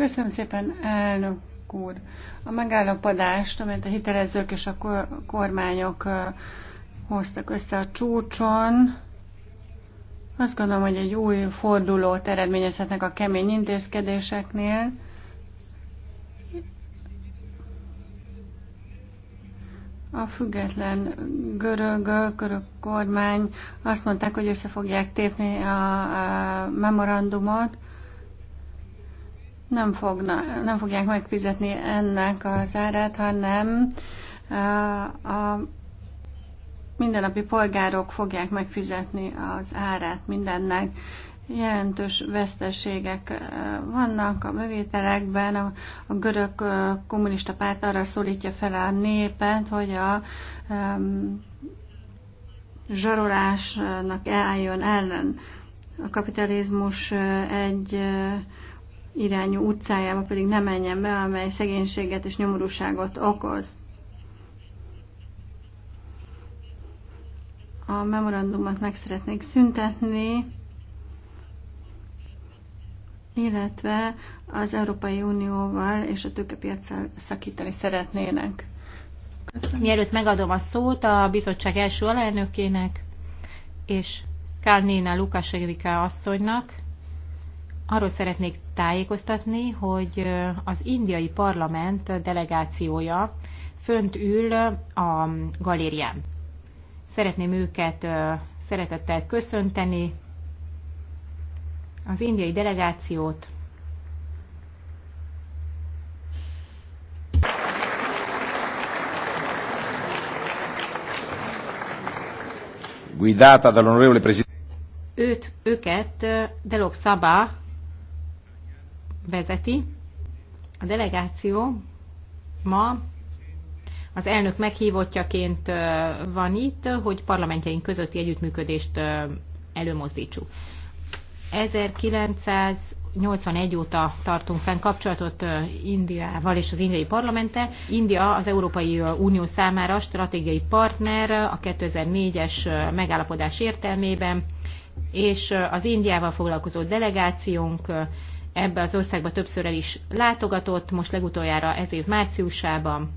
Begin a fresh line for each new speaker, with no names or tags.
Köszönöm szépen, elnök úr. A megállapodást, amelyet a hitelezők és a kormányok hoztak össze a csúcson, azt gondolom, hogy egy új fordulót eredményezhetnek a kemény intézkedéseknél. A független görög, görög kormány azt mondták, hogy össze fogják tépni a, a memorandumot nem, fogna, nem fogják megfizetni ennek az árát, hanem eh, a mindennapi polgárok fogják megfizetni az árát mindennek. Jelentős veszteségek eh, vannak a bevételekben. A, a görög eh, kommunista párt arra szólítja fel a népet, hogy a um, zsarolásnak álljon ellen. A kapitalizmus egy irányú utcájába pedig ne menjen be, amely szegénységet és nyomorúságot okoz. A memorandumot meg szeretnék szüntetni, illetve az Európai Unióval és a tőkepiacsal szakítani szeretnének. Köszönöm. Mielőtt megadom a szót a bizottság első alelnökének és
Kárnéna Lukasevika asszonynak, arról szeretnék tájékoztatni, hogy az indiai parlament delegációja fönt ül a galérián. Szeretném őket szeretettel köszönteni, az indiai delegációt.
Guidata dall'onorevole presidente.
Őt, őket Delok Szabá vezeti. A delegáció ma az elnök meghívottjaként van itt, hogy parlamentjeink közötti együttműködést előmozdítsuk. 1900 81 óta tartunk fenn kapcsolatot Indiával és az indiai parlamenttel. India az Európai Unió számára stratégiai partner a 2004-es megállapodás értelmében, és az Indiával foglalkozó delegációnk ebbe az országba többször el is látogatott, most legutoljára ez év márciusában.